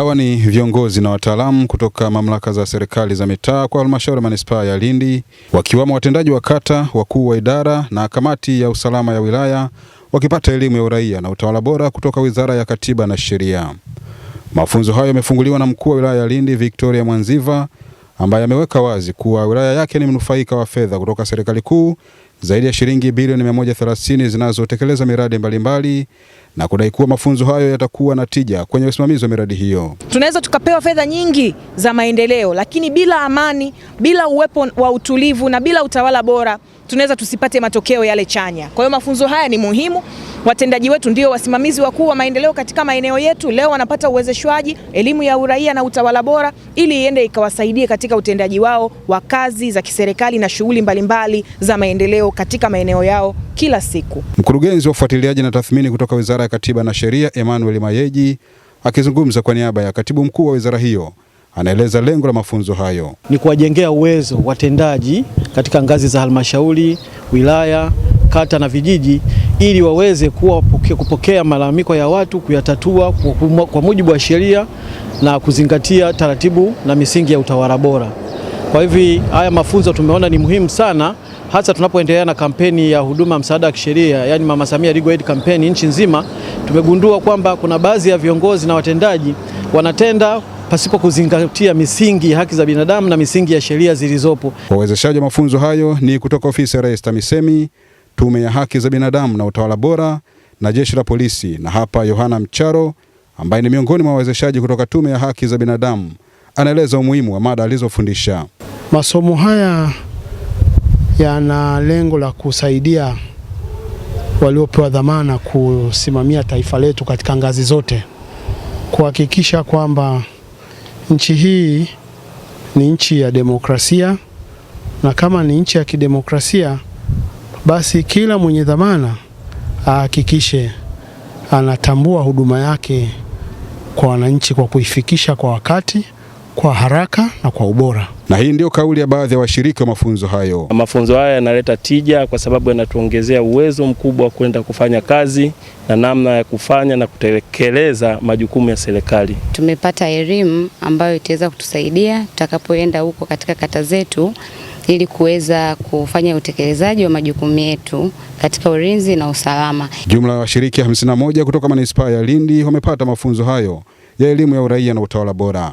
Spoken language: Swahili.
Hawa ni viongozi na wataalamu kutoka mamlaka za serikali za mitaa kwa halmashauri manispaa ya Lindi, wakiwamo watendaji wa kata, wakuu wa idara na kamati ya usalama ya wilaya, wakipata elimu ya uraia na utawala bora kutoka Wizara ya Katiba na Sheria. Mafunzo hayo yamefunguliwa na mkuu wa wilaya ya Lindi Victoria Mwanziva ambaye ameweka wazi kuwa wilaya yake ni mnufaika wa fedha kutoka serikali kuu zaidi ya shilingi bilioni 130 zinazotekeleza miradi mbalimbali mbali, na kudai kuwa mafunzo hayo yatakuwa na tija kwenye usimamizi wa miradi hiyo. Tunaweza tukapewa fedha nyingi za maendeleo, lakini bila amani, bila uwepo wa utulivu na bila utawala bora, tunaweza tusipate matokeo yale chanya. Kwa hiyo mafunzo haya ni muhimu. Watendaji wetu ndio wasimamizi wakuu wa maendeleo katika maeneo yetu, leo wanapata uwezeshwaji, elimu ya uraia na utawala bora, ili iende ikawasaidie katika utendaji wao wa kazi za kiserikali na shughuli mbalimbali za maendeleo katika maeneo yao kila siku. Mkurugenzi wa ufuatiliaji na tathmini kutoka Wizara ya Katiba na Sheria Emmanuel Mayeji akizungumza kwa niaba ya katibu mkuu wa wizara hiyo anaeleza lengo la mafunzo hayo ni kuwajengea uwezo watendaji katika ngazi za halmashauri, wilaya, kata na vijiji ili waweze kuwa kupokea malalamiko ya watu, kuyatatua kwa mujibu wa sheria na kuzingatia taratibu na misingi ya utawala bora. Kwa hivi haya mafunzo tumeona ni muhimu sana, hasa tunapoendelea na kampeni ya huduma msaada wa kisheria, yaani Mama Samia Legal Aid Campaign nchi nzima. Tumegundua kwamba kuna baadhi ya viongozi na watendaji wanatenda pasipo kuzingatia misingi ya haki za binadamu na misingi ya sheria zilizopo. Wawezeshaji wa mafunzo hayo ni kutoka ofisi ya Rais TAMISEMI Tume ya Haki za Binadamu na Utawala Bora na Jeshi la Polisi. Na hapa Yohana Mcharo ambaye ni miongoni mwa wawezeshaji kutoka Tume ya Haki za Binadamu anaeleza umuhimu wa mada alizofundisha. Masomo haya yana lengo la kusaidia waliopewa dhamana kusimamia taifa letu katika ngazi zote, kuhakikisha kwamba nchi hii ni nchi ya demokrasia, na kama ni nchi ya kidemokrasia basi kila mwenye dhamana ahakikishe anatambua huduma yake kwa wananchi kwa kuifikisha kwa wakati, kwa haraka na kwa ubora. Na hii ndio kauli ya baadhi ya washiriki wa mafunzo hayo. Mafunzo haya yanaleta tija kwa sababu yanatuongezea uwezo mkubwa wa kwenda kufanya kazi na namna ya kufanya na kutekeleza majukumu ya serikali. Tumepata elimu ambayo itaweza kutusaidia tutakapoenda huko katika kata zetu ili kuweza kufanya utekelezaji wa majukumu yetu katika ulinzi na usalama. Jumla ya washiriki 51 kutoka manispaa ya Lindi wamepata mafunzo hayo ya elimu ya uraia na utawala bora.